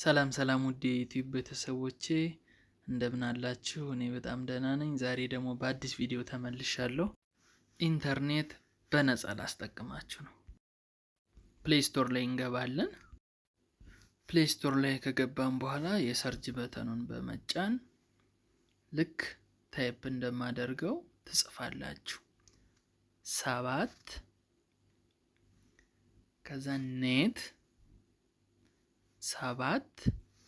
ሰላም ሰላም ውድ የዩቲዩብ ቤተሰቦቼ እንደምን አላችሁ? እኔ በጣም ደህና ነኝ። ዛሬ ደግሞ በአዲስ ቪዲዮ ተመልሻለሁ። ኢንተርኔት በነጻ ላስጠቅማችሁ ነው። ፕሌይ ስቶር ላይ እንገባለን። ፕሌይ ስቶር ላይ ከገባን በኋላ የሰርጅ በተኑን በመጫን ልክ ታይፕ እንደማደርገው ትጽፋላችሁ። ሰባት ከዛ ኔት ሰባት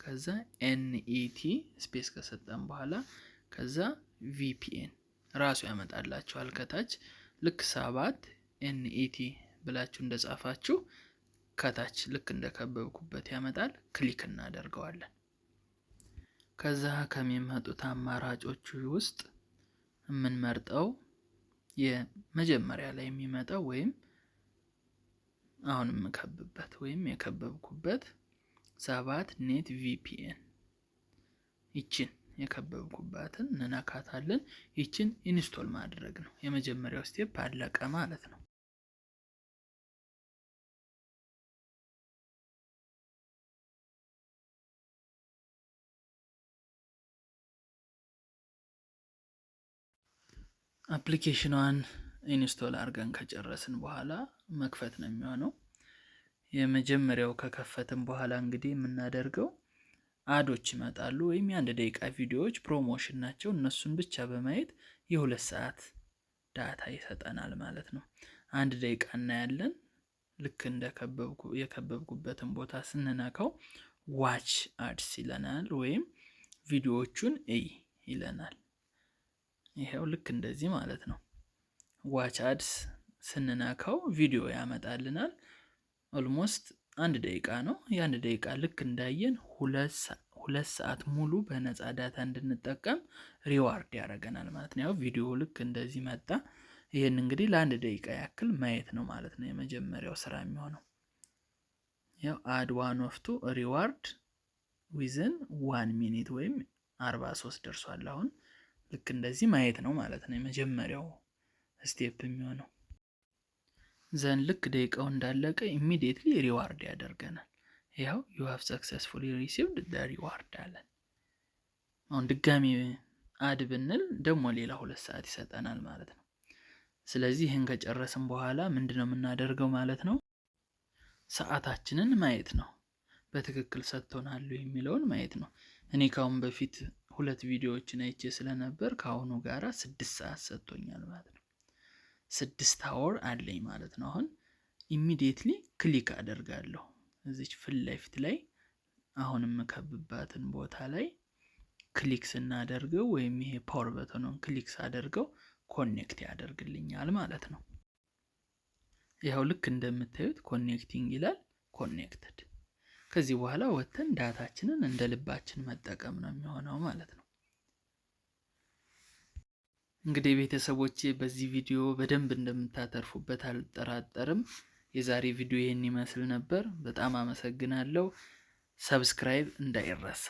ከዛ ኤንኢቲ ስፔስ ከሰጠን በኋላ ከዛ ቪፒኤን ራሱ ያመጣላችኋል ከታች ልክ ሰባት ኤንኢቲ ብላችሁ እንደጻፋችሁ ከታች ልክ እንደከበብኩበት ያመጣል። ክሊክ እናደርገዋለን። ከዛ ከሚመጡት አማራጮቹ ውስጥ የምንመርጠው የመጀመሪያ ላይ የሚመጣው ወይም አሁን የምከብበት ወይም የከበብኩበት ሰባት ኔት ቪፒኤን ይችን የከበብኩባትን እንነካታለን። ይችን ኢንስቶል ማድረግ ነው የመጀመሪያው ስቴፕ አለቀ ማለት ነው። አፕሊኬሽኗን ኢንስቶል አድርገን ከጨረስን በኋላ መክፈት ነው የሚሆነው። የመጀመሪያው ከከፈትን በኋላ እንግዲህ የምናደርገው አዶች ይመጣሉ ወይም የአንድ ደቂቃ ቪዲዮዎች ፕሮሞሽን ናቸው። እነሱን ብቻ በማየት የሁለት ሰዓት ዳታ ይሰጠናል ማለት ነው። አንድ ደቂቃ እናያለን። ልክ እንደ የከበብኩበትን ቦታ ስንነካው ዋች አድስ ይለናል፣ ወይም ቪዲዮዎቹን እይ ይለናል። ይሄው ልክ እንደዚህ ማለት ነው። ዋች አድስ ስንነካው ቪዲዮ ያመጣልናል። ኦልሞስት አንድ ደቂቃ ነው። የአንድ ደቂቃ ልክ እንዳየን ሁለት ሰዓት ሙሉ በነፃ ዳታ እንድንጠቀም ሪዋርድ ያደርገናል ማለት ነው። ያው ቪዲዮ ልክ እንደዚህ መጣ። ይህን እንግዲህ ለአንድ ደቂቃ ያክል ማየት ነው ማለት ነው የመጀመሪያው ስራ የሚሆነው። ያው አድ ዋን ኦፍቱ ሪዋርድ ዊዝን ዋን ሚኒት ወይም አርባ ሶስት ደርሷል። አሁን ልክ እንደዚህ ማየት ነው ማለት ነው የመጀመሪያው ስቴፕ የሚሆነው። ዘን ልክ ደቂቃው እንዳለቀ ኢሚዲየትሊ ሪዋርድ ያደርገናል። ያው ዩ ሃቭ ሰክሰስፉሊ ሪሲቭድ ሪዋርድ አለን። አሁን ድጋሚ አድ ብንል ደግሞ ሌላ ሁለት ሰዓት ይሰጠናል ማለት ነው። ስለዚህ ይህን ከጨረስን በኋላ ምንድን ነው የምናደርገው ማለት ነው? ሰዓታችንን ማየት ነው። በትክክል ሰጥቶናሉ የሚለውን ማየት ነው። እኔ ካሁን በፊት ሁለት ቪዲዮዎችን አይቼ ስለነበር ከአሁኑ ጋራ ስድስት ሰዓት ሰጥቶኛል ማለት ነው። ስድስት አወር አለኝ ማለት ነው። አሁን ኢሚዲየትሊ ክሊክ አደርጋለሁ እዚች ፊት ለፊት ላይ አሁን የምከብባትን ቦታ ላይ ክሊክ ስናደርገው ወይም ይሄ ፓወር በተኑን ክሊክ ሳደርገው ኮኔክት ያደርግልኛል ማለት ነው። ይኸው ልክ እንደምታዩት ኮኔክቲንግ ይላል ኮኔክትድ። ከዚህ በኋላ ወጥተን ዳታችንን እንደ ልባችን መጠቀም ነው የሚሆነው ማለት ነው። እንግዲህ ቤተሰቦቼ በዚህ ቪዲዮ በደንብ እንደምታተርፉበት አልጠራጠርም። የዛሬ ቪዲዮ ይህን ይመስል ነበር። በጣም አመሰግናለሁ። ሰብስክራይብ እንዳይረሳ።